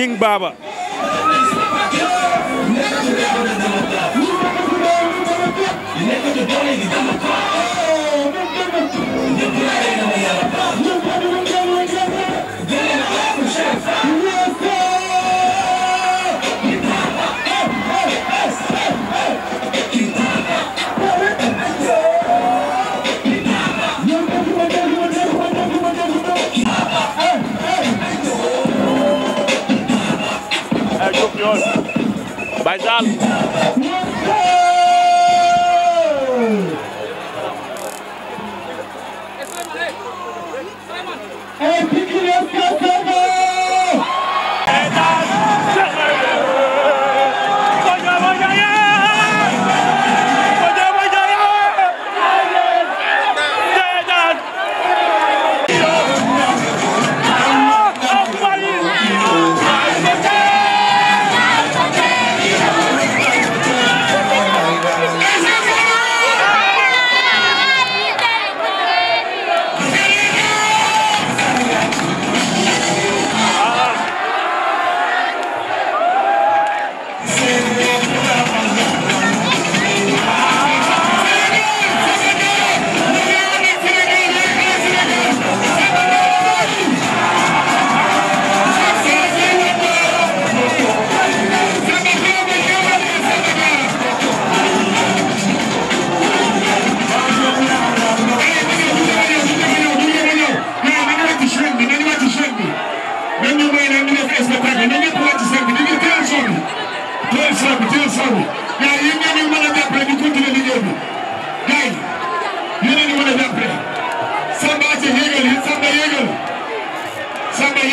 King Baba Baye Zale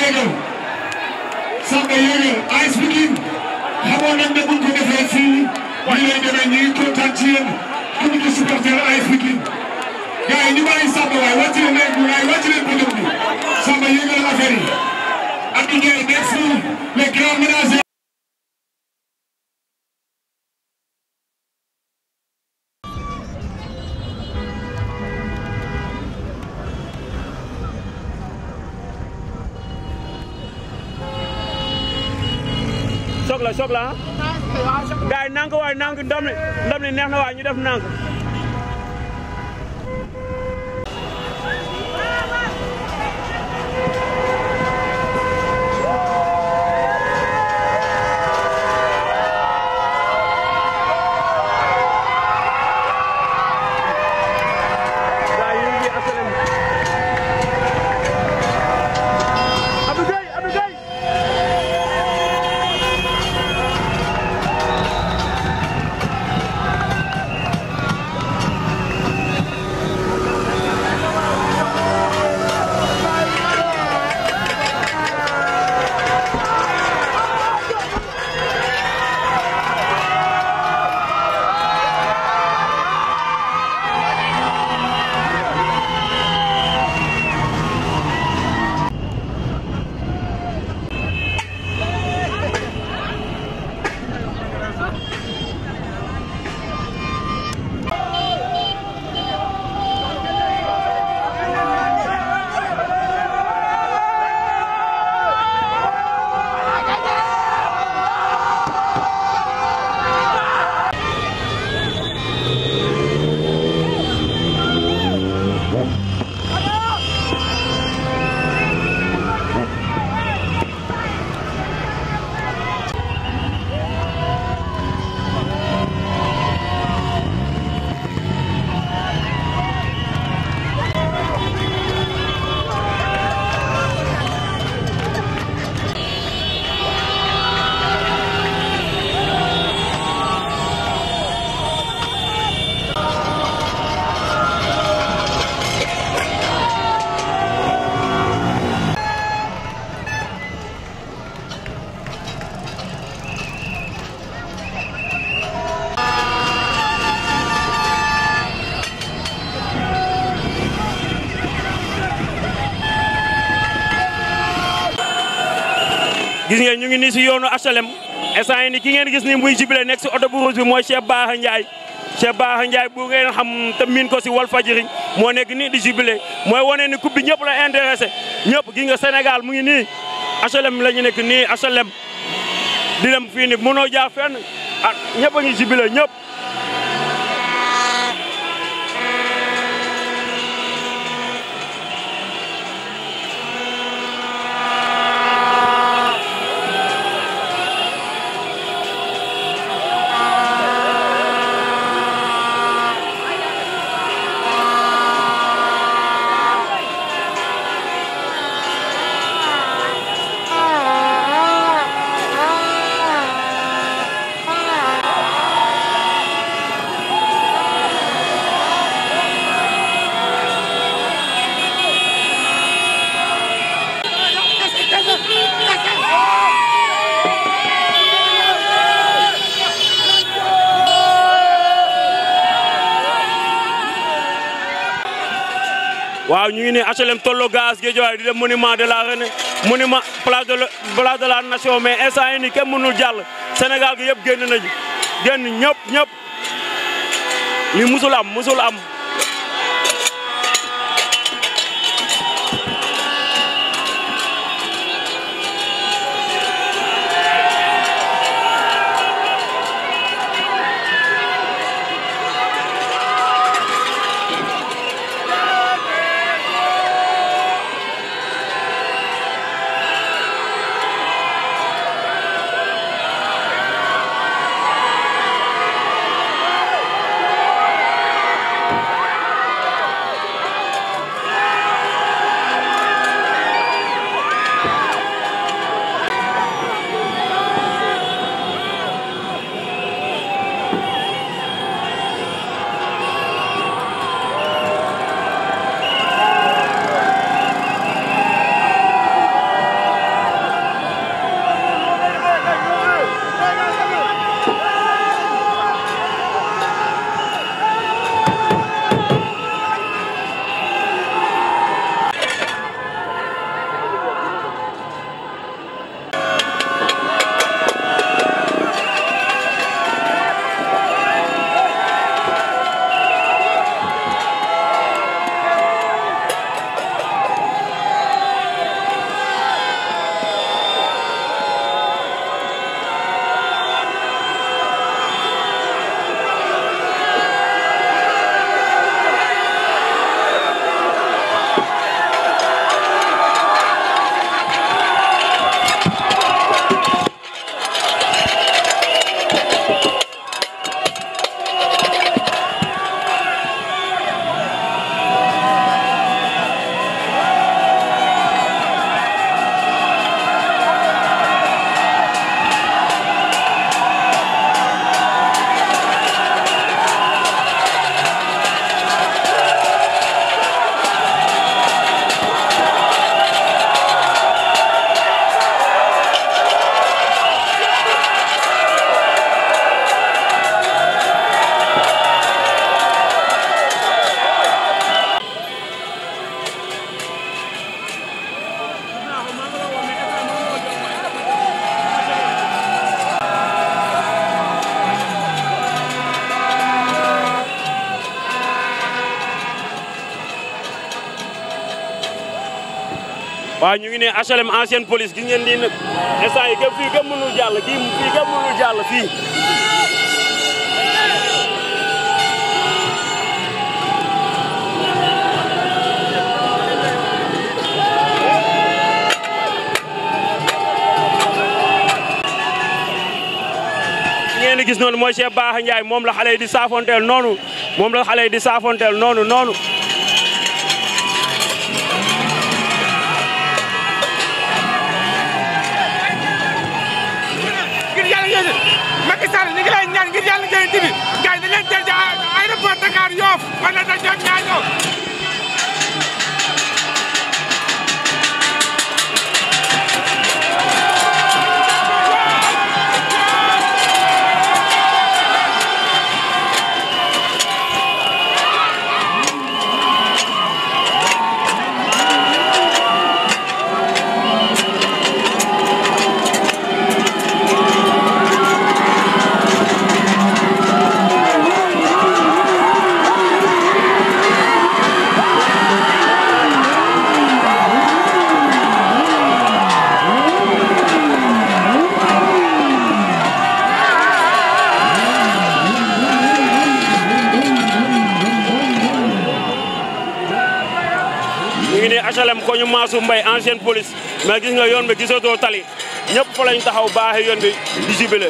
yéegal Samba yéegal AS Pikine xamoon nañ ne buñ ko defee fii waaye lay demee ñu ngi kontaan ci yéen képp ku supporter AS Pikine gars yi ñu bàyyi Samba waay wàcc leen rek waay wàcc leen podium bi Samba yéegal affaire yi ak Ndiaye nekk fii les grands ménagers choc la ah. gars yi nank waay nank ndam li ndam neex na waay ñu def nank ngeen ñu ngi nii si yoonu HLM instant yi ni ki ngeen gis ni muy jibile nekk si oto bu rouge bi mooy Cheikh Bara Ndiaye Cheikh Bara Ndiaye bu ngeen xam te ko si Walfadjri moo nekk nii di jibile mooy wane ni coupe ñëpp la intéressé ñëpp gi nga Sénégal mu ngi nii HLM la ñu nekk nii HLM di dem fii ni mënoo jaar fenn ah, ñëpp a ngi jibile ñëpp ni HLM tolloo gaz Guédiawaye di dem monument de la ne monument place de la place de la nation mais instant yii nii kenn mënul jàll Sénégal gi yëpp génn nañu génn ñëpp ñëpp li musul am musul am. waaw ñu ngi ne HLM ancienne police gis ngeen nii nag instant yii fii gëm mënul jàll kii fii gëm mënul jàll fii. ngeen di gis noonu mooy Cheikh Baha Ndiaye moom la xale yi di saafonteel noonu moom la xale yi di saafonteel noonu noonu. ñaan ngir yàlla njëriñ bi gars yi dañ leen jël aéroport Dakar Yoff lem ko ñu mbay Mbaye ancienne police mais gis nga yoon bi gisatoo tali ñëpp fa lañ taxaw baaxee yoon bi di jubile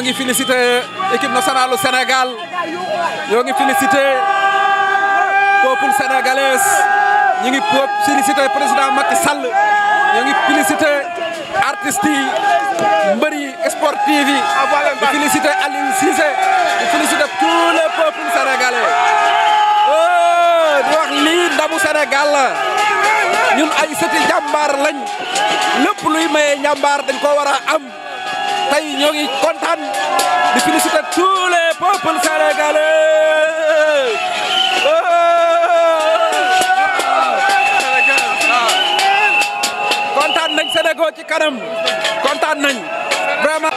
ñoo ngi félicité équipe nationale du Sénégal ñoo ngi félicité peuple sénégalais ñu ngi félicité président Macky Sall ñoo ngi félicité artistes yi mbër yi sportifs yi di félicité Aliou Cissé di félicité tout le peuple sénégalais oh, di wax lii ndamu Sénégal ñun ay sëti jàmbaar lañ lépp luy maye jàmbaar dañ ko war am. tey ñoo ngi kontaan di féliciter tous les peuples sénégalais. kontaan nañ Sénégal ci kanam kontaan nañ vraiment.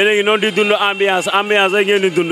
yéen ngi noonu di dund ambiance ambiance ngeen di dund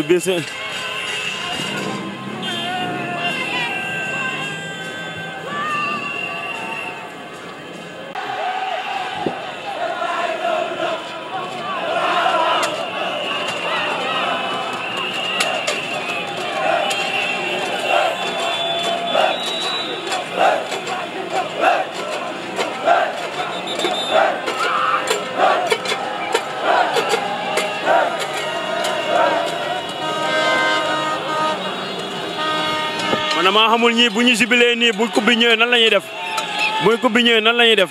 man damaa xamul ñii bu ñu jubilee nii bu coupe bi nan la ñuy def bu coupe bi ñëwee nan lañuy def.